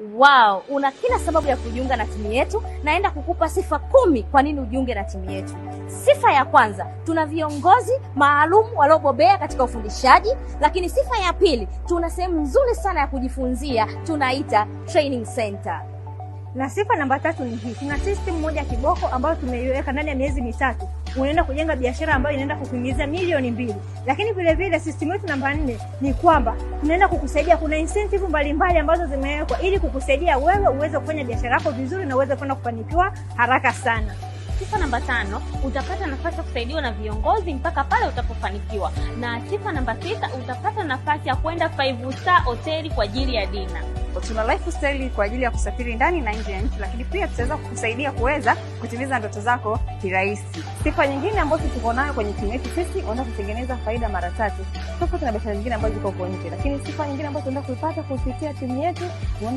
Wow, una kila sababu ya kujiunga na timu yetu. Naenda kukupa sifa kumi kwa nini ujiunge na timu yetu. Sifa ya kwanza, tuna viongozi maalum waliobobea katika ufundishaji, lakini sifa ya pili, tuna sehemu nzuri sana ya kujifunzia, tunaita training center. Na sifa namba tatu ni hii, tuna system moja ya kiboko ambayo tumeiweka ndani ya miezi mitatu unaenda kujenga biashara ambayo inaenda kukuingiza milioni mbili. Lakini vile vile system yetu namba nne ni kwamba tunaenda kukusaidia, kuna incentive mbalimbali ambazo zimewekwa ili kukusaidia wewe uweze kufanya biashara yako vizuri na uweze kwenda kufanikiwa haraka sana. Sifa namba tano, utapata nafasi ya kusaidiwa na viongozi mpaka pale utapofanikiwa, na sifa namba sita, utapata nafasi ya kwenda five star hoteli kwa ajili ya dina. Tuna lifestyle kwa ajili ya kusafiri ndani na nje ya nchi, lakini pia tutaweza kukusaidia kuweza kutimiza ndoto zako kirahisi. Sifa nyingine ambazo tuko nayo kwenye timu yetu sisi, unaweza kutengeneza faida mara tatu tofauti na biashara nyingine ambazo ziko huko nje, lakini sifa nyingine ambazo tunaenda kuipata kupitia timu yetu